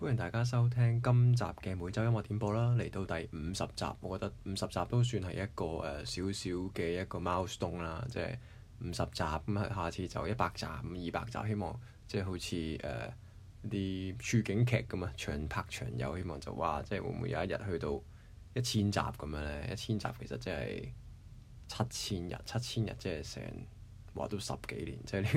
歡迎大家收聽今集嘅每周音樂點播啦，嚟到第五十集，我覺得五十集都算係一個誒少少嘅一個 milestone 啦，即係五十集咁下次就一百集，咁二百集，希望即係好似誒啲處境劇咁啊，長拍長有希望就話，即係會唔會有一日去到一千集咁樣咧？一千集其實即係七千日，七千日即係成話都十幾年，即係呢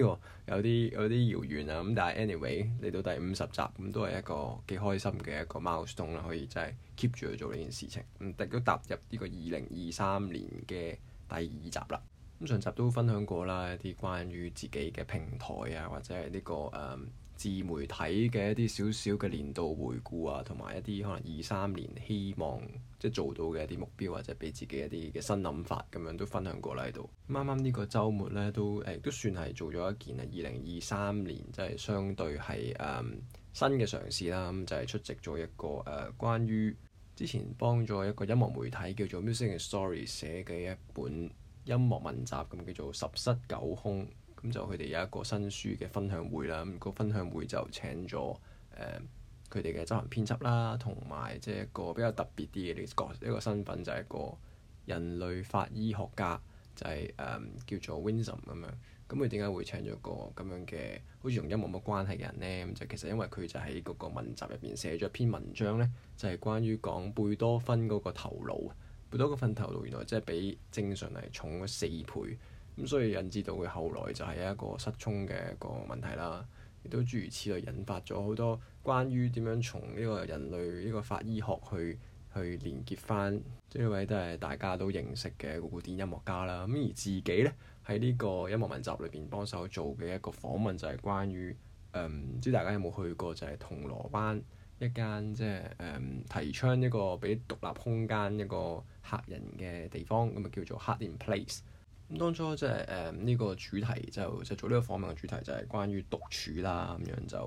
個有啲有啲遙遠啊咁，但係 anyway 嚟到第五十集咁，都係一個幾開心嘅一個 milestone 啦，可以真係 keep 住去做呢件事情。嗯，亦都踏入呢個二零二三年嘅第二集啦。咁上集都分享過啦，一啲關於自己嘅平台啊，或者係呢個誒。Um, 自媒體嘅一啲少少嘅年度回顧啊，同埋一啲可能二三年希望即係做到嘅一啲目標，或者俾自己一啲嘅新諗法咁樣都分享過啦喺度。啱啱呢個週末呢，都誒、欸、都算係做咗一件啊，二零二三年即係相對係誒、嗯、新嘅嘗試啦。咁、嗯、就係、是、出席咗一個誒、呃、關於之前幫咗一個音樂媒體叫做 Music Story 寫嘅一本音樂文集，咁叫做十室久空。咁就佢哋有一個新書嘅分享會啦，咁個分享會就請咗誒佢哋嘅執行編輯啦，同埋即係一個比較特別啲嘅角色，一個身份就係一個人類法醫學家，就係誒叫做 Winsome 咁樣。咁佢點解會請咗個咁樣嘅，好似同音樂冇乜關係嘅人咧？咁就其實因為佢就喺嗰個文集入邊寫咗篇文章咧，就係關於講貝多芬嗰個頭腦，貝多芬頭腦原來即係比正常係重咗四倍。咁、嗯、所以引致到佢後來就係一個失聰嘅一個問題啦，亦都諸如此類引發咗好多關於點樣從呢個人類呢、這個法醫學去去連結翻，即係呢位都係大家都認識嘅一個古典音樂家啦。咁、嗯、而自己咧喺呢個音樂文集裏邊幫手做嘅一個訪問就，就係關於誒，唔知大家有冇去過就，就係銅鑼灣一間即係誒提倡一個俾獨立空間一個客人嘅地方，咁咪叫做 Hardened Place。當初即係誒呢個主題就就是、做呢個訪問嘅主題就係關於獨處啦咁樣就，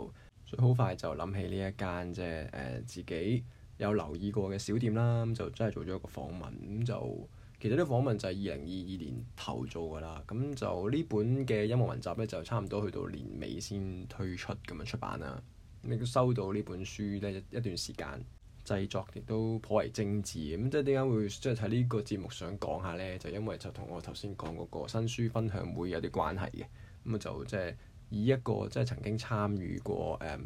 所以好快就諗起呢一間即係誒自己有留意過嘅小店啦咁就真係做咗一個訪問，咁就其實呢個訪問就係二零二二年頭做噶啦，咁就呢本嘅音樂文集咧就差唔多去到年尾先推出咁樣出版啦。你都收到呢本書咧一段時間。製作亦都頗為精緻嘅，咁即係點解會即係喺呢個節目想講下呢，就因為就同我頭先講嗰個新書分享會有啲關係嘅，咁啊就即係以一個即係、就是、曾經參與過誒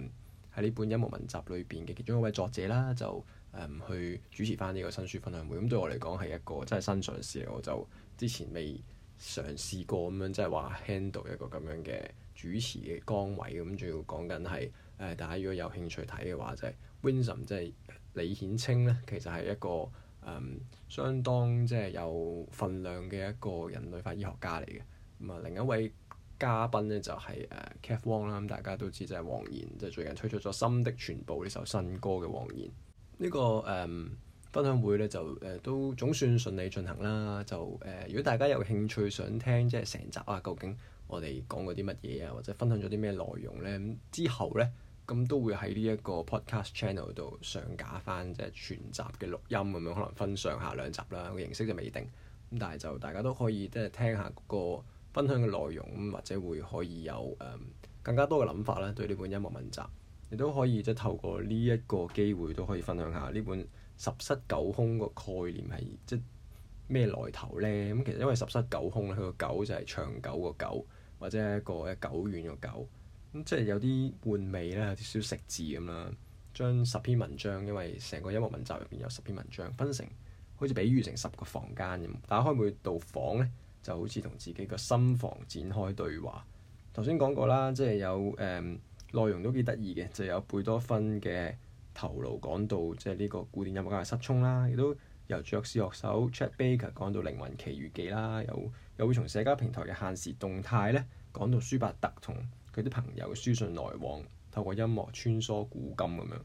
喺呢本音樂文集裏邊嘅其中一位作者啦，就誒、嗯、去主持返呢個新書分享會。咁對我嚟講係一個真係新嘗試，我就之前未嘗試過咁樣，即係話 handle 一個咁樣嘅主持嘅崗位。咁仲要講緊係誒，大家如果有興趣睇嘅話，就係、是、Vinson 即、就、係、是。李衍蒨咧，其實係一個誒、嗯、相當即係有份量嘅一個人類法醫學家嚟嘅。咁啊，另一位嘉賓咧就係誒 Kath Wong 啦。咁大家都知，即係黃妍，即係最近推出咗《心的全部》呢首新歌嘅黃妍。呢、這個誒、嗯、分享會咧就誒都、呃、總算順利進行啦。就誒、呃，如果大家有興趣想聽即係成集啊，究竟我哋講過啲乜嘢啊，或者分享咗啲咩內容咧？之後咧。咁都會喺呢一個 podcast channel 度上，上架翻即係全集嘅錄音咁樣，可能分上下兩集啦。個形式就未定，咁但係就大家都可以即係聽下個分享嘅內容，或者會可以有誒、嗯、更加多嘅諗法啦。對呢本音樂文集，亦都可以即係、就是、透過呢一個機會都可以分享下呢本十室久空個概念係即咩來頭呢？咁其實因為十室久空咧，佢個久就係長久個久，或者係一個久久遠個久。即係有啲玩味咧，少少食字咁啦。將十篇文章，因為成個音樂文集入邊有十篇文章，分成好似比喻成十個房間咁。打開每度房咧，就好似同自己個心房展開對話。頭先講過啦，即係有誒、嗯、內容都幾得意嘅，就有貝多芬嘅頭顱講到即係呢個古典音樂家嘅失聰啦。亦都由爵士樂手 Chet Baker 講到靈魂奇遇記啦。又又會從社交平台嘅限時動態咧講到舒伯特同佢啲朋友書信來往，透過音樂穿梭古今咁樣。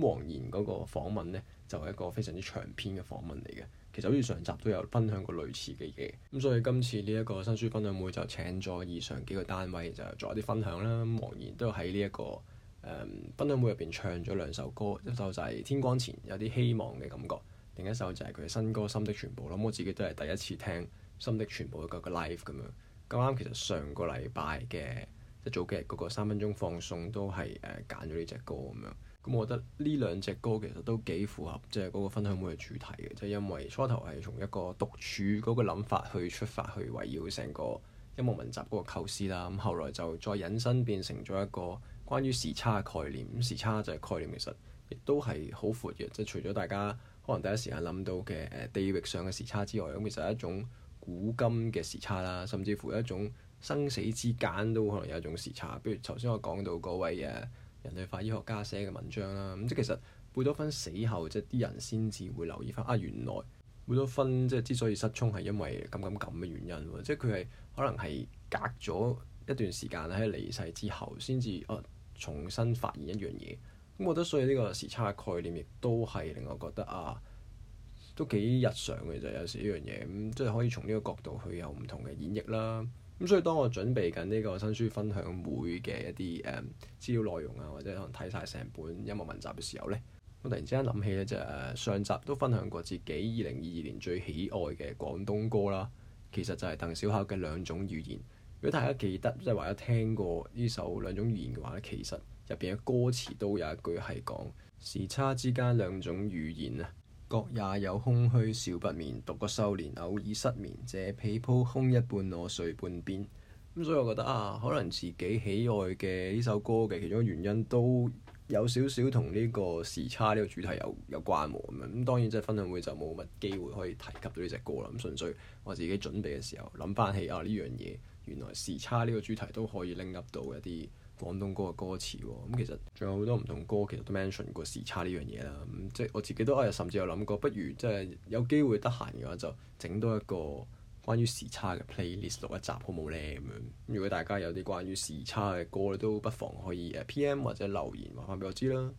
黃妍嗰個訪問咧，就係、是、一個非常之長篇嘅訪問嚟嘅。其實好似上集都有分享過類似嘅嘢，咁、嗯、所以今次呢一個新書分享會就請咗以上幾個單位就做一啲分享啦。黃妍都喺呢一個誒、嗯、分享會入邊唱咗兩首歌，一首就係《天光前》，有啲希望嘅感覺；另一首就係佢嘅新歌《心的全部》啦。我自己都係第一次聽《心的全部》嘅個，個 live 咁樣咁啱，其實上個禮拜嘅。即係早幾日嗰個三分鐘放鬆都係誒揀咗呢隻歌咁樣，咁我覺得呢兩隻歌其實都幾符合即係嗰個分享會嘅主題嘅，即係因為初頭係從一個獨處嗰個諗法去出發，去圍繞成個音樂文集嗰個構思啦，咁後來就再引申變成咗一個關於時差嘅概念。咁時差就係概念，其實亦都係好闊嘅，即係除咗大家可能第一時間諗到嘅誒地域上嘅時差之外，咁其實係一種古今嘅時差啦，甚至乎一種。生死之間都可能有一種時差，比如頭先我講到嗰位誒法醫人類學家寫嘅文章啦。咁即係其實貝多芬死後，即係啲人先至會留意返啊。原來貝多芬即係之所以失聰係因為咁咁咁嘅原因喎。即係佢係可能係隔咗一段時間喺離世之後先至啊，重新發現一樣嘢。咁我覺得所以呢個時差嘅概念亦都係令我覺得啊，都幾日常嘅就有時呢樣嘢咁，即係可以從呢個角度去有唔同嘅演繹啦。咁、嗯、所以當我準備緊呢個新書分享會嘅一啲誒、um, 資料內容啊，或者可能睇晒成本音樂文集嘅時候呢，我突然之間諗起咧，就誒、係 uh, 上集都分享過自己二零二二年最喜愛嘅廣東歌啦。其實就係鄧小巧嘅兩種語言。如果大家記得即係話有聽過呢首兩種語言嘅話咧，其實入邊嘅歌詞都有一句係講時差之間兩種語言啊。各也有空虛免，少不眠，獨個修煉，偶爾失眠。這被鋪空一半，我睡半邊。咁、嗯、所以，我覺得啊，可能自己喜愛嘅呢首歌嘅其中原因都有少少同呢個時差呢個主題有有關喎。咁、嗯、當然，即係分享會就冇乜機會可以提及到呢隻歌啦。咁、嗯、純粹我自己準備嘅時候諗翻起啊，呢樣嘢原來時差呢個主題都可以拎 up 到一啲廣東歌嘅歌詞喎，咁、嗯、其實仲有好多唔同歌，其實都 mention 過時差呢樣嘢啦。即、嗯、係、就是、我自己都啊，甚至有諗過，不如即係、就是、有機會得閒嘅話，就整多一個關於時差嘅 playlist 錄一集，好唔好咧？咁、嗯、樣。如果大家有啲關於時差嘅歌咧，都不妨可以誒 PM 或者留言話翻俾我知啦。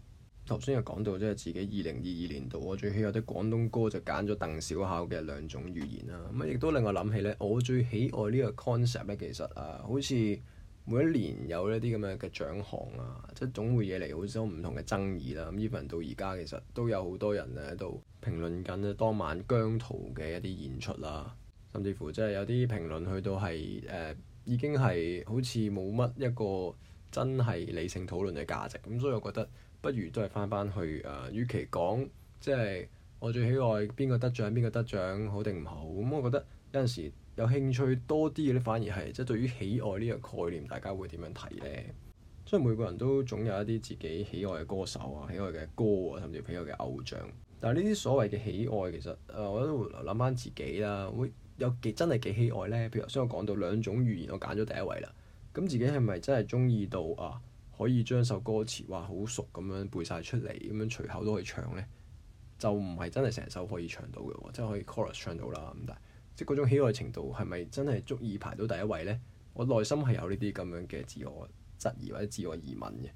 頭先又講到即係、就是、自己二零二二年度我最喜愛啲廣東歌，就揀咗鄧小巧嘅兩種語言啦。咁、嗯、亦、嗯、都令我諗起咧，我最喜愛呢個 concept 咧，其實啊，好似～每一年有一啲咁樣嘅獎項啊，即係總會惹嚟好少唔同嘅爭議啦。咁 even 到而家其實都有好多人咧喺度評論緊咧當晚姜濤嘅一啲演出啦，甚至乎即係有啲評論去到係誒、呃、已經係好似冇乜一個真係理性討論嘅價值。咁所以我覺得不如都係翻翻去誒、呃，與其講即係我最喜愛邊個得獎邊個得獎好定唔好，咁我覺得有陣時。有興趣多啲嘅咧，反而係即係對於喜愛呢個概念，大家會點樣睇呢？即係每個人都總有一啲自己喜愛嘅歌手啊，喜愛嘅歌啊，甚至係喜愛嘅偶像。但係呢啲所謂嘅喜愛，其實誒，我都諗翻自己啦，會有幾真係幾喜愛呢？譬如頭先我講到兩種語言，我揀咗第一位啦。咁自己係咪真係中意到啊？可以將首歌詞話好熟咁樣背晒出嚟，咁樣隨口都可以唱呢？就唔係真係成首可以唱到嘅，即係可以 chorus 唱到啦。咁但係。即嗰種喜愛程度係咪真係足以排到第一位呢？我內心係有呢啲咁樣嘅自我質疑或者自我疑問嘅，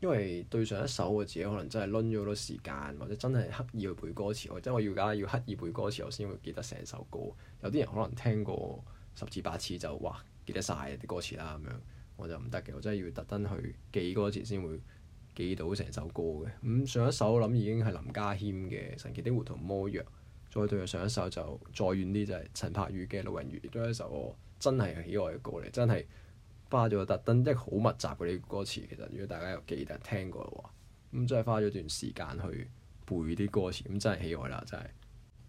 因為對上一首我自己可能真係攆咗好多時間，或者真係刻意去背歌詞，即我即係我要而家要刻意背歌詞，我先會記得成首歌。有啲人可能聽過十次八次就哇，記得晒啲歌詞啦咁樣，我就唔得嘅，我真係要特登去記歌詞先會記到成首歌嘅。咁上一首諗已經係林家謙嘅《神奇的糊塗魔藥》。再對上一首就再遠啲，就係陳柏宇嘅《路人魚》，都係一首我真係喜愛嘅歌嚟，真係花咗特登即係好密集嘅啲歌詞。其實，如果大家有記得聽過嘅話，咁真係花咗段時間去背啲歌詞，咁真係喜愛啦，真係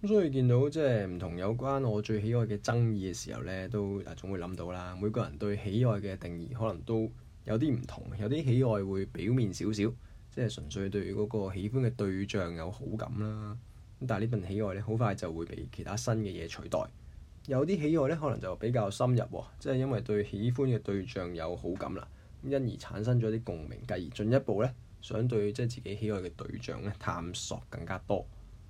咁。 所以見到即係唔同有關我最喜愛嘅爭議嘅時候咧，都啊總會諗到啦。每個人對喜愛嘅定義可能都有啲唔同，有啲喜愛會表面少少，即係純粹對嗰個喜歡嘅對象有好感啦。但係呢份喜愛咧，好快就會被其他新嘅嘢取代。有啲喜愛咧，可能就比較深入，即係因為對喜歡嘅對象有好感啦，因而產生咗啲共鳴，繼而進一步咧想對即係自己喜愛嘅對象咧探索更加多。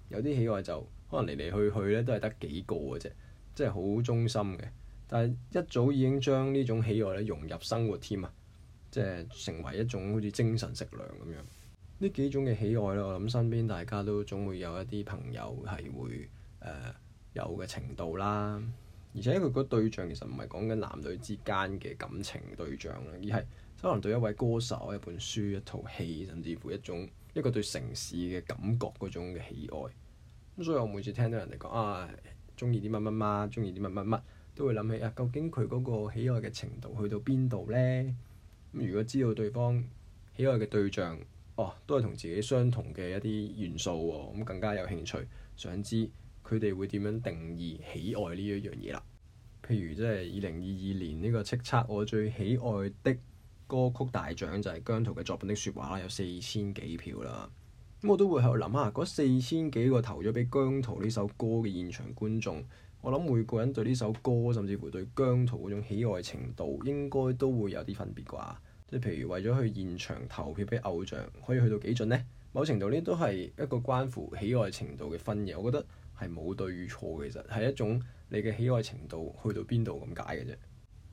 有啲喜愛就可能嚟嚟去去咧都係得幾個嘅啫，即係好忠心嘅。但係一早已經將呢種喜愛咧融入生活添啊，即係成為一種好似精神食糧咁樣。呢幾種嘅喜愛咯，我諗身邊大家都總會有一啲朋友係會誒、呃、有嘅程度啦。而且佢個對象其實唔係講緊男女之間嘅感情對象，而係可能對一位歌手、一本書、一套戲，甚至乎一種一個對城市嘅感覺嗰種嘅喜愛。咁所以我每次聽到人哋講啊，鍾意啲乜乜乜，鍾意啲乜乜乜，都會諗起啊，究竟佢嗰個喜愛嘅程度去到邊度咧？咁如果知道對方喜愛嘅對象，哦，都係同自己相同嘅一啲元素喎、哦，咁更加有興趣想知佢哋會點樣定義喜愛呢一樣嘢啦。譬如即係二零二二年呢、這個叱咤我最喜愛的歌曲大獎就係、是、姜濤嘅作品的説話啦，有四千幾票啦。咁我都會喺度諗下嗰四千幾個投咗俾姜濤呢首歌嘅現場觀眾，我諗每個人對呢首歌甚至乎對姜濤嗰種喜愛程度應該都會有啲分別啩。即係譬如為咗去現場投票俾偶像，可以去到幾盡呢？某程度呢，都係一個關乎喜愛程度嘅分嘢，我覺得係冇對與錯嘅，其實係一種你嘅喜愛程度去到邊度咁解嘅啫。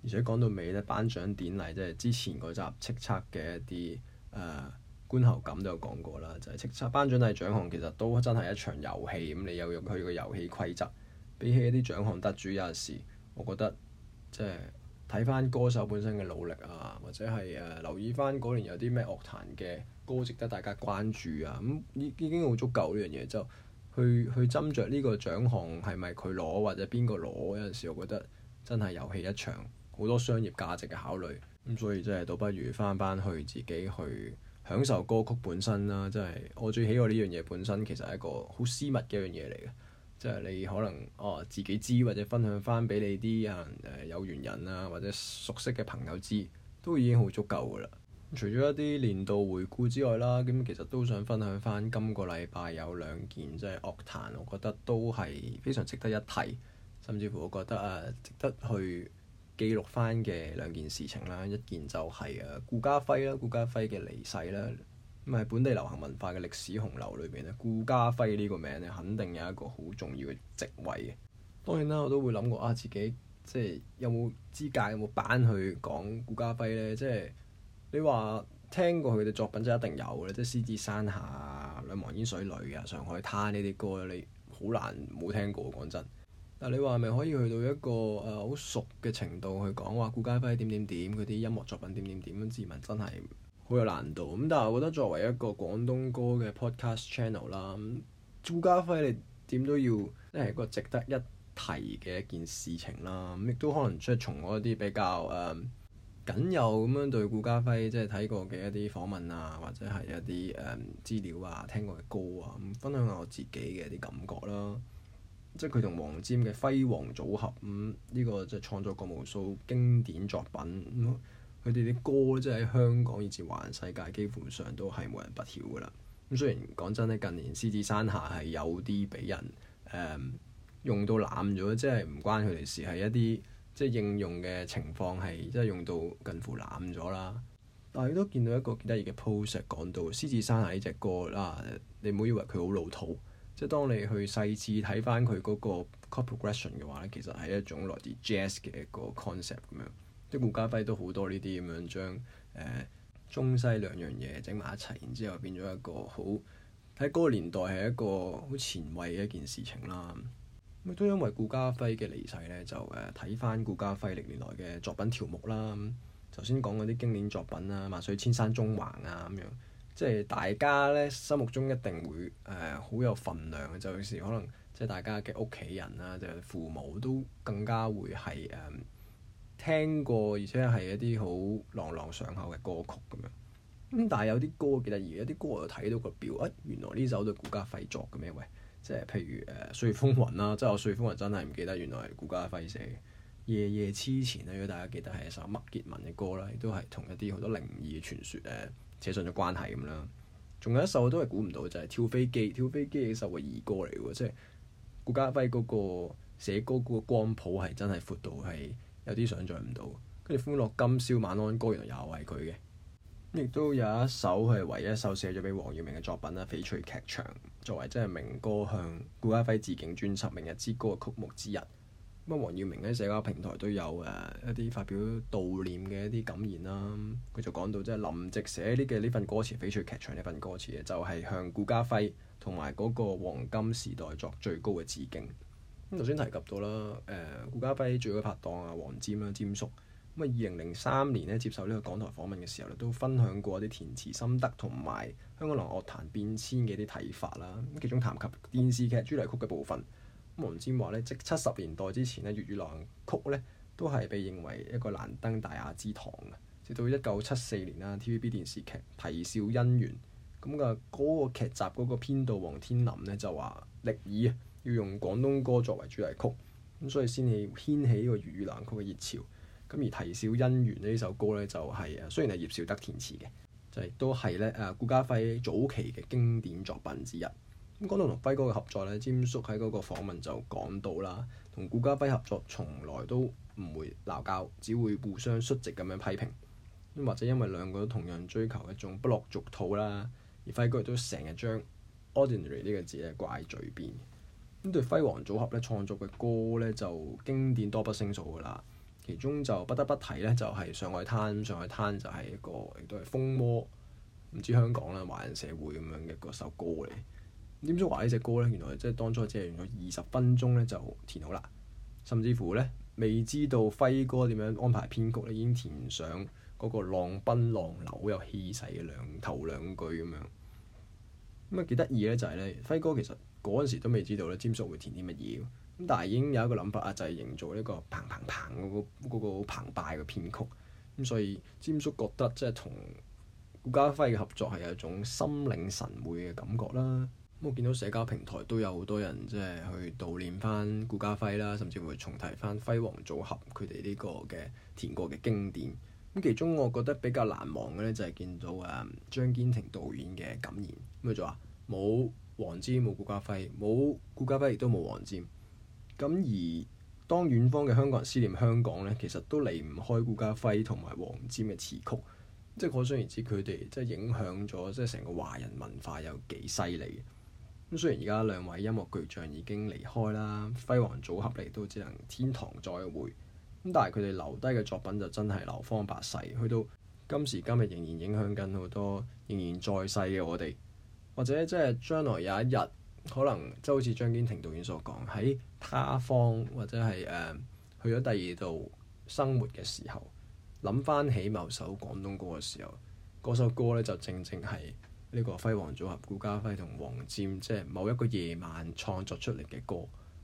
而且講到尾咧，頒獎典禮即係之前嗰集《叱咤》嘅一啲誒觀後感都有講過啦，就係《叱咤》頒獎禮獎項其實都真係一場遊戲，咁你又用佢嘅遊戲規則比起一啲獎項得主有陣時，我覺得即係。睇翻歌手本身嘅努力啊，或者係誒、啊、留意翻嗰年有啲咩樂壇嘅歌值得大家關注啊，咁、嗯、已已經好足夠呢樣嘢，就去去斟酌呢個獎項係咪佢攞或者邊個攞，有陣時我覺得真係遊戲一場，好多商業價值嘅考慮，咁、嗯、所以真係倒不如翻返去自己去享受歌曲本身啦、啊，真係我最喜愛呢樣嘢本身其實係一個好私密嘅一樣嘢嚟嘅。即係你可能哦自己知，或者分享翻俾你啲啊誒有緣人啊，或者熟悉嘅朋友知，都已經好足夠噶啦。除咗一啲年度回顧之外啦，咁其實都想分享翻今個禮拜有兩件即係樂壇，我覺得都係非常值得一提，甚至乎我覺得啊值得去記錄翻嘅兩件事情啦。一件就係啊顧嘉煇啦，顧嘉煇嘅離世啦。咁喺本地流行文化嘅歷史洪流裏邊咧，顧嘉煇呢個名咧肯定有一個好重要嘅職位嘅。當然啦，我都會諗過啊，自己即係有冇資格有冇版去講顧嘉煇咧？即係你話聽過佢嘅作品就一定有嘅，即係《獅子山下》啊《兩忘煙水裏》啊，《上海灘》呢啲歌，你好難冇聽過。講真，但你話係咪可，可以去到一個誒好熟嘅程度去講話顧嘉煇點點點佢啲音樂作品點點點？自問真係。好有難度咁，但係我覺得作為一個廣東歌嘅 podcast channel 啦，咁顧嘉煇你點都要，即係一個值得一提嘅一件事情啦。咁亦都可能即係從嗰一啲比較誒僅、嗯、有咁樣對顧嘉煇即係睇過嘅一啲訪問啊，或者係一啲誒、嗯、資料啊，聽過嘅歌啊，咁分享下我自己嘅一啲感覺啦。即係佢同黃霑嘅煇黃組合，咁、嗯、呢、這個就係創作過無數經典作品。嗯佢哋啲歌真係香港以至華人世界基本上都係無人不曉㗎啦。咁雖然講真咧，近年《獅子山下》係有啲俾人誒、嗯、用到濫咗，即係唔關佢哋事，係一啲即係應用嘅情況係即係用到近乎濫咗啦。但係都見到一個幾得意嘅 post 講到《獅子山下》呢隻歌啦、啊，你唔好以為佢好老土，即係當你去細緻睇翻佢嗰個 chord progression 嘅話咧，其實係一種來自 jazz 嘅一個 concept 咁樣。即係顧嘉煇都好多呢啲咁樣將誒中西兩樣嘢整埋一齊，然之後變咗一個好喺嗰個年代係一個好前衛嘅一件事情啦。咁、亦、都因為顧嘉煇嘅離世咧，就誒睇翻顧嘉煇歷年來嘅作品條目啦。頭先講嗰啲經典作品啦、啊，《萬水千山縱橫、啊》啊咁樣，即係大家咧心目中一定會誒、呃、好有份量、就係。嘅、啊。就有時可能即係大家嘅屋企人啦，就父母都更加會係誒。呃聽過，而且係一啲好朗朗上口嘅歌曲咁樣咁，但係有啲歌記得而家啲歌我睇到個表，啊原來呢首都係顧嘉煇作嘅咩喂，即係譬如誒《歲月風雲》啦，即係我《歲月風雲》真係唔記得，原來係顧嘉煇寫嘅《夜夜痴纏》啦。如果大家記得係一首麥潔文嘅歌啦，亦都係同一啲好多靈異嘅傳説誒扯上咗關係咁啦。仲有一首我都係估唔到，就係、是《跳飛機》。跳飛機呢首嘅兒歌嚟喎，即係顧嘉煇嗰個寫歌嗰個光譜係真係闊到係。有啲想像唔到，跟住《歡樂今宵》晚安歌原來又係佢嘅，亦都有一首係唯一一首寫咗畀黃耀明嘅作品啦，《翡翠劇場》作為即係名歌向顧嘉煇致敬專輯明日之歌嘅曲目之一。咁啊，黃耀明喺社交平台都有誒一啲發表悼念嘅一啲感言啦，佢就講到就即係林夕寫呢嘅呢份歌詞，《翡翠劇場》呢份歌詞就係、是、向顧嘉煇同埋嗰個黃金時代作最高嘅致敬。頭先提及到啦，誒顧嘉煇最嘅拍檔啊，黃沾啦，沾叔。咁啊，二零零三年咧，接受呢個港台訪問嘅時候咧，都分享過啲填詞心得同埋香港樂壇變遷嘅一啲睇法啦。咁其中談及電視劇主題曲嘅部分，咁黃沾話咧，即七十年代之前咧，粵語流行曲咧都係被認為一個難登大雅之堂嘅。直到一九七四年啦，TVB 電視劇《啼笑姻緣》咁嘅嗰個劇集嗰個編導王天林咧就話：力已要用廣東歌作為主題曲，咁所以先至掀起呢個粵語冷曲嘅熱潮。咁而《啼笑姻緣》呢首歌咧，就係、是、啊，雖然係葉紹德填詞嘅，就係都係咧啊顧嘉煇早期嘅經典作品之一。咁講到同輝哥嘅合作咧，詹叔喺嗰個訪問就講到啦，同顧嘉煇合作從來都唔會鬧交，只會互相率直咁樣批評。咁或者因為兩個都同樣追求一種不落俗套啦，而輝哥亦都成日將 ordinary 呢、這個字咧掛喺嘴邊。咁對煇黃組合咧，創作嘅歌咧，就經典多不勝數㗎啦，其中就不得不提咧就係、是《上海灘》，《上海灘》就係一個亦都係風魔，唔知香港啦、華人社會咁樣嘅嗰首歌嚟。點知話呢隻歌咧？原來即係當初只係用咗二十分鐘咧，就填好啦，甚至乎咧未知道煇哥點樣安排編曲咧，已經填上嗰個浪奔浪流好有氣勢嘅兩頭兩句咁樣。咁啊幾得意咧，就係咧煇哥其實～嗰陣時都未知道咧，霑叔會填啲乜嘢，咁但係已經有一個諗法啊，就係、是、營造一個澎澎澎嗰個嗰個澎湃嘅編曲，咁所以霑叔覺得即係同顧嘉煇嘅合作係一種心領神會嘅感覺啦。咁我見到社交平台都有好多人即係去悼念翻顧嘉煇啦，甚至會重提翻煇黃組合佢哋呢個嘅填過嘅經典。咁其中我覺得比較難忘嘅咧就係、是、見到誒張堅庭導演嘅感言，咁佢就話冇。黃霑冇顧嘉煇，冇顧嘉煇亦都冇黃霑。咁而當遠方嘅香港人思念香港咧，其實都離唔開顧嘉煇同埋黃霑嘅詞曲。即係可想而知，佢哋即係影響咗，即係成個華人文化有幾犀利。咁雖然而家兩位音樂巨匠已經離開啦，煇黃組合咧亦都只能天堂再會。咁但係佢哋留低嘅作品就真係流芳百世，去到今時今日仍然影響緊好多，仍然在世嘅我哋。或者即係將來有一日，可能即好似張堅庭導演所講，喺他方或者係誒、uh，去咗第二度生活嘅時候，諗翻起某首廣東歌嘅時候，嗰首歌咧就正正係呢個煇黃組合顧嘉煇同黃霑，即、就、係、是、某一個夜晚創作出嚟嘅歌，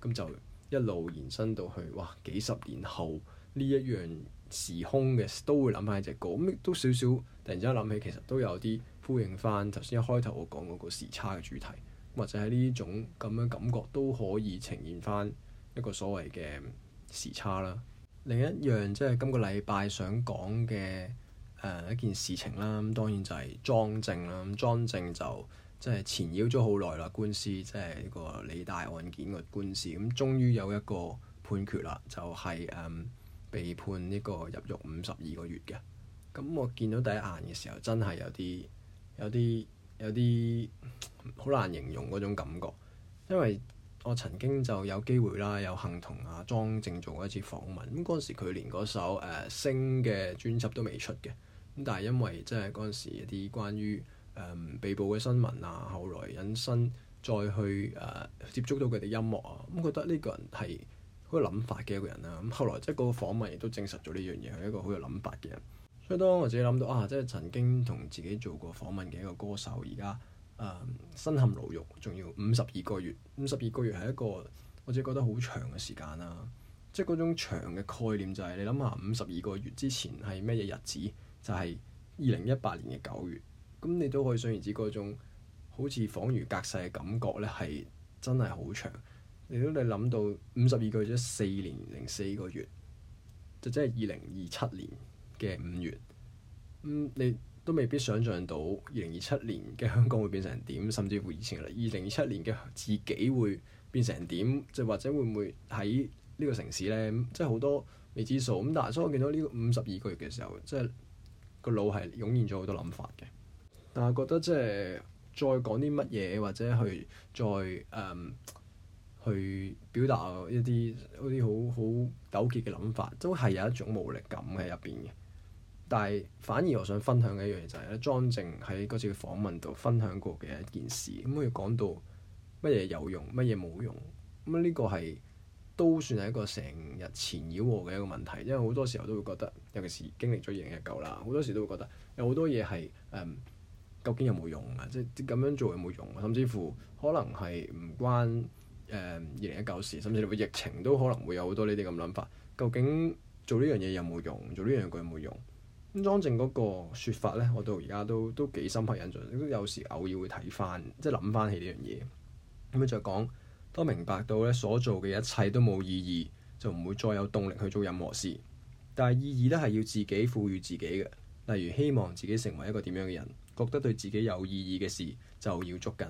咁就一路延伸到去，哇幾十年後呢一樣時空嘅都會諗翻起隻歌，咁亦都少少突然之間諗起，其實都有啲。呼應翻頭先一開頭我講嗰個時差嘅主題，或者係呢種咁樣感覺都可以呈現翻一個所謂嘅時差啦。另一樣即係今個禮拜想講嘅誒一件事情啦，咁當然就係莊正啦。咁莊正就即係纏繞咗好耐啦，官司即係呢個理大案件嘅官司咁，終、嗯、於有一個判決啦，就係、是、誒、嗯、被判呢個入獄五十二個月嘅。咁、嗯、我見到第一眼嘅時候，真係有啲～有啲有啲好難形容嗰種感覺，因為我曾經就有機會啦，有幸同阿莊正做過一次訪問。咁嗰陣時佢連嗰首誒、呃《星》嘅專輯都未出嘅，咁但係因為即係嗰陣時一啲關於誒、呃、被捕嘅新聞啊，後來引申再去誒、呃、接觸到佢哋音樂啊，咁覺得呢個人係好有諗法嘅一個人啊。咁後來即係嗰個訪問亦都證實咗呢樣嘢係一個好有諗法嘅人。所以當我自己諗到啊，即係曾經同自己做過訪問嘅一個歌手，而家誒身陷牢獄，仲要五十二個月。五十二個月係一個我自己覺得好長嘅時間啦。即係嗰種長嘅概念就係、是、你諗下，五十二個月之前係咩嘢日子？就係二零一八年嘅九月。咁你都可以想而知，嗰種好似恍如隔世嘅感覺咧，係真係好長。你都你諗到五十二個月即係四年零四個月，就即係二零二七年。嘅五月，咁、嗯、你都未必想像到二零二七年嘅香港會變成點，甚至乎以前嚟二零二七年嘅自己會變成點，即係或者會唔會喺呢個城市咧、嗯？即係好多未知數咁。但係所以我見到呢個五十二個月嘅時候，即係個腦係湧現咗好多諗法嘅。但係覺得即係再講啲乜嘢，或者去再誒、嗯、去表達一啲啲好好糾結嘅諗法，都係有一種無力感喺入邊嘅。但係，反而我想分享嘅一樣嘢就係咧，莊正喺嗰次訪問度分享過嘅一件事，咁佢講到乜嘢有用，乜嘢冇用。咁呢個係都算係一個成日纏繞我嘅一個問題，因為好多時候都會覺得，尤其是經歷咗二零一九啦，好多時都會覺得有好多嘢係誒，究竟有冇用啊？即係咁樣做有冇用？甚至乎可能係唔關誒二零一九事，甚至乎疫情都可能會有好多呢啲咁諗法。究竟做呢樣嘢有冇用？做呢樣嘢有冇用？咁莊正嗰個説法咧，我到而家都都幾深刻印象，都有時偶爾會睇翻，即係諗翻起呢樣嘢。咁啊，就講都明白到咧，所做嘅一切都冇意義，就唔會再有動力去做任何事。但係意義都係要自己賦予自己嘅，例如希望自己成為一個點樣嘅人，覺得對自己有意義嘅事就要捉緊。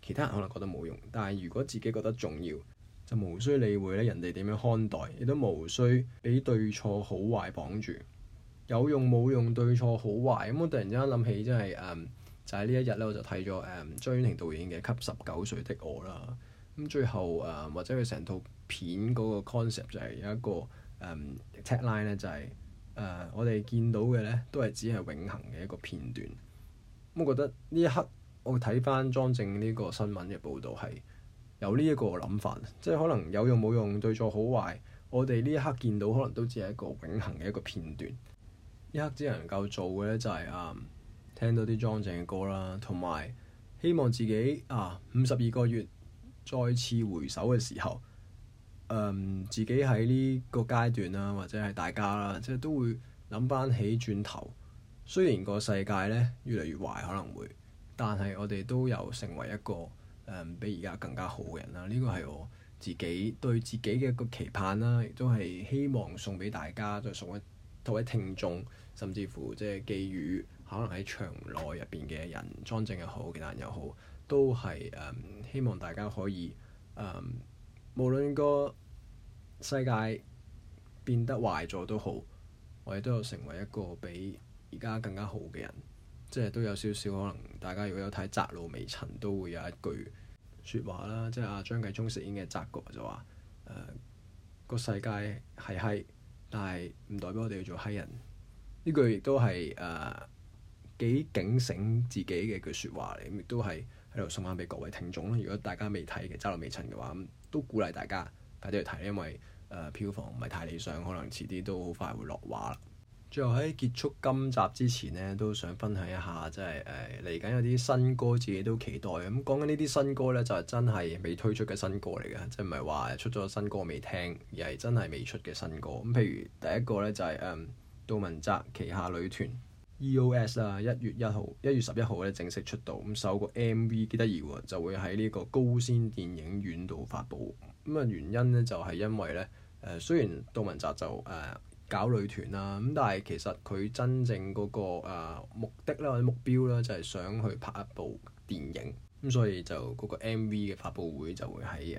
其他人可能覺得冇用，但係如果自己覺得重要，就無需理會咧人哋點樣看待，亦都無需俾對錯好壞綁住。有用冇用，對錯好壞咁。我突然之間諗起，即係誒就係呢一日咧，我就睇咗誒張婉婷導演嘅《給十九歲的我》啦。咁最後誒或者佢成套片嗰個 concept 就係有一個誒 tagline 咧，就係誒我哋見到嘅咧都係只係永恆嘅一個片段。咁我覺得呢一刻我睇翻莊正呢個新聞嘅報導係有呢一個諗法，即係可能有用冇用，對錯好壞，我哋呢一刻見到可能都只係一個永恆嘅一個片段。一刻只能夠做嘅咧，就係、是、啊、嗯，聽到啲莊正嘅歌啦，同埋希望自己啊五十二個月再次回首嘅時候，嗯，自己喺呢個階段啦，或者係大家啦，即係都會諗返起轉頭。雖然個世界咧越嚟越壞，可能會，但係我哋都有成為一個誒、嗯、比而家更加好嘅人啦。呢、這個係我自己對自己嘅一個期盼啦，亦都係希望送俾大家再、就是、送一。各位聽眾，甚至乎即係寄語，可能喺場內入邊嘅人，莊正又好，其他人又好，都係誒、呃、希望大家可以誒、呃，無論個世界變得壞咗都好，我哋都有成為一個比而家更加好嘅人，即係都有少少可能大家如果有睇《窄路微塵》，都會有一句説話啦，即係阿張繼聰飾演嘅窄局就話誒、呃、個世界係係。但係唔代表我哋要做黑人，呢句亦都係誒幾警醒自己嘅一句説話嚟，咁亦都係喺度送翻俾各位聽眾啦。如果大家未睇嘅，渣都未趁嘅話，咁都鼓勵大家快啲去睇，因為誒票房唔係太理想，可能遲啲都好快會落畫。最後喺結束今集之前呢，都想分享一下，即係誒嚟緊有啲新歌，自己都期待咁、嗯、講緊呢啲新歌咧，就係、是、真係未推出嘅新歌嚟㗎，即係唔係話出咗新歌未聽，而係真係未出嘅新歌。咁、嗯、譬如第一個咧就係、是、誒、嗯、杜汶澤旗下女團 EOS 啊，一、e、月一號、一月十一號咧正式出道，咁、嗯、首個 MV 幾得意喎，就會喺呢個高先電影院度發布。咁、嗯、啊原因咧就係、是、因為咧誒、呃，雖然杜汶澤就誒。呃搞女團啦，咁但係其實佢真正嗰個目的咧或者目標咧就係想去拍一部電影，咁所以就嗰個 MV 嘅發佈會就會喺誒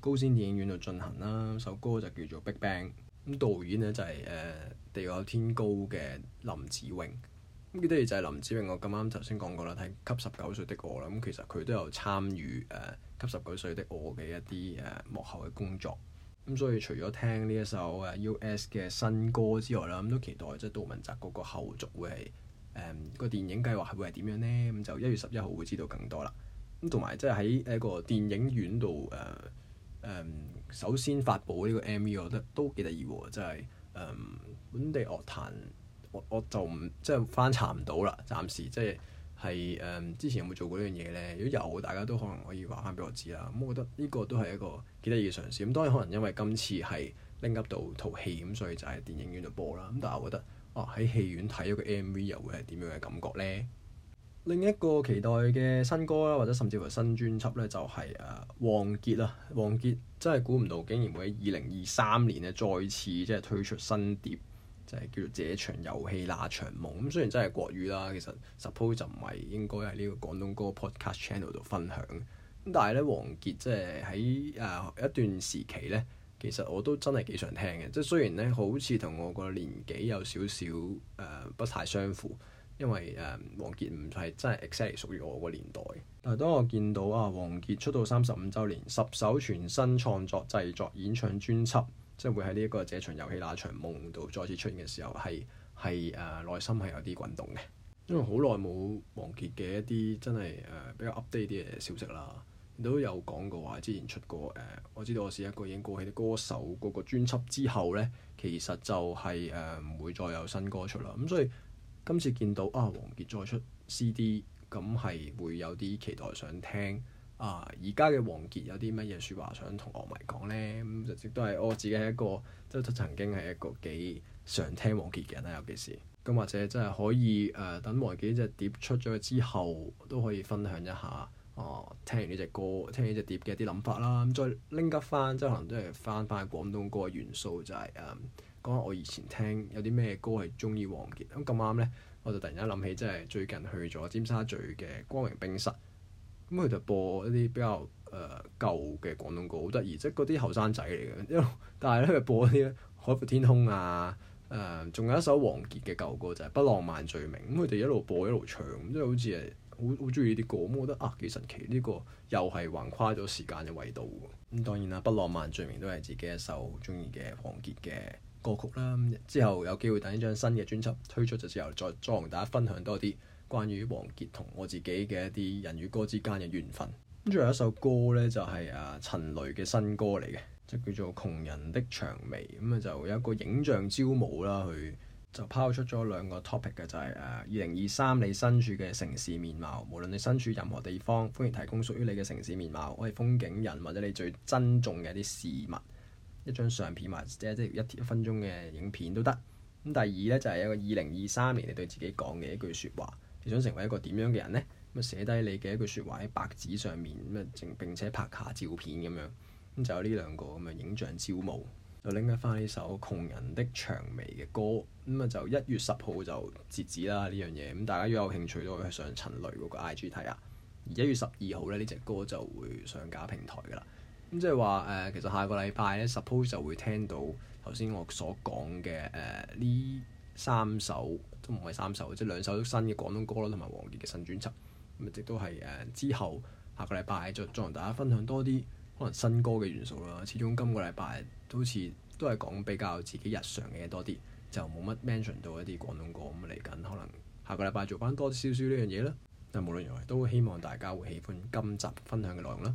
高先電影院度進行啦。首歌就叫做《Big Bang》，咁導演呢就係誒地厚天高嘅林子穎，咁佢哋就係林子穎，我咁啱頭先講過啦，睇《給十九歲的我》啦，咁其實佢都有參與誒《給十九歲的我》嘅一啲誒幕後嘅工作。咁、嗯、所以除咗聽呢一首誒 US 嘅新歌之外啦，咁、嗯、都期待即係、就是、杜汶澤嗰個後續會係誒、嗯、個電影計劃係會係點樣咧？咁、嗯、就一月十一號會知道更多啦。咁同埋即係喺一個電影院度誒誒，首先發布呢個 MV，我覺得都幾得意喎！即係誒本地樂壇，我我就唔即係翻查唔到啦，暫時即係。就是係誒、嗯，之前有冇做過呢樣嘢呢？如果有，大家都可能可以話翻俾我知啦。咁我覺得呢個都係一個幾得意嘅嘗試。咁當然可能因為今次係拎 up 到套戲咁，所以就係電影院度播啦。咁但係我覺得，哦、啊、喺戲院睇咗個 MV 又會係點樣嘅感覺呢？ 另一個期待嘅新歌啦，或者甚至乎新專輯呢，就係誒王傑啦。王傑真係估唔到，竟然會喺二零二三年呢再次即係推出新碟。就係叫做這場遊戲那場夢，咁雖然真係國語啦，其實 suppose 就唔係應該喺呢個廣東歌 podcast channel 度分享。但係咧，王傑即係喺誒一段時期咧，其實我都真係幾常聽嘅。即係雖然咧，好似同我個年紀有少少誒、呃、不太相符，因為誒、呃、王傑唔係真係 exactly 屬於我個年代。但係當我見到啊，王傑出道三十五週年十首全新創作製作演唱專輯。即係會喺呢一個這場遊戲那場夢度再次出現嘅時候，係係誒內心係有啲滾動嘅，因為好耐冇王傑嘅一啲真係誒比較 update 啲嘅消息啦。都有講過話之前出過誒、呃，我知道我是一個已經過氣啲歌手，嗰個專輯之後呢，其實就係誒唔會再有新歌出啦。咁所以今次見到啊王傑再出 CD，咁係會有啲期待想聽。啊！而家嘅王傑有啲乜嘢說話想同樂迷講呢？咁直都係我自己係一個，即曾經係一個幾常聽王傑嘅人啦、啊，尤其是咁或者真係可以誒、呃，等王傑呢隻碟出咗之後，都可以分享一下哦、呃。聽完呢隻歌，聽呢隻碟嘅啲諗法啦，咁、嗯、再拎得翻，即係可能都係翻翻廣東歌嘅元素、就是，就係誒講下我以前聽有啲咩歌係中意王傑。咁咁啱咧，我就突然間諗起，即係最近去咗尖沙咀嘅光榮冰室。咁佢就播一啲比較誒舊嘅廣東歌，好得意，即係嗰啲後生仔嚟嘅。因為但係咧，佢播一啲《海闊天空》啊，誒、嗯，仲有一首王傑嘅舊歌就係、是《不浪漫罪名》。咁佢哋一路播一路唱，即係好似係好好中意啲歌。咁我覺得啊，幾神奇呢、這個又係橫跨咗時間嘅維度。咁當然啦，《不浪漫罪名》都係自己一首中意嘅王傑嘅歌曲啦。之後有機會等呢張新嘅專輯推出就之後，再再同大家分享多啲。關於王傑同我自己嘅一啲人與歌之間嘅緣分。咁仲有一首歌呢，就係、是、啊陳蕾嘅新歌嚟嘅，即叫做《窮人的薔薇》。咁、嗯、啊，就有一個影像招募啦，佢就拋出咗兩個 topic 嘅、啊，就係啊二零二三你身處嘅城市面貌，無論你身處任何地方，歡迎提供屬於你嘅城市面貌，可以風景、人或者你最珍重嘅一啲事物，一張相片或者即係、就是、一分鐘嘅影片都得。咁、嗯、第二呢，就係、是、一個二零二三年你對自己講嘅一句説話。你想成為一個點樣嘅人呢？咁啊寫低你嘅一句説話喺白紙上面，咁啊並且拍下照片咁樣，咁就有呢兩個咁嘅影像招募。就拎翻呢首窮人的薔薇嘅歌，咁啊就一月十號就截止啦呢樣嘢。咁大家如果有興趣都可以去上陳蕾嗰個 IG 睇下。而一月十二號咧呢隻歌就會上架平台噶啦。咁即係話誒，其實下個禮拜呢 suppose 就會聽到頭先我所講嘅誒呢。呃三首都唔係三首，即係兩首都新嘅廣東歌咯，同埋王傑嘅新專輯。咁啊，亦都係誒之後下個禮拜再再同大家分享多啲可能新歌嘅元素啦。始終今個禮拜都似都係講比較自己日常嘅嘢多啲，就冇乜 mention 到一啲廣東歌咁嚟緊。可能下個禮拜做翻多少少呢樣嘢啦。但無論如何，都希望大家會喜歡今集分享嘅內容啦。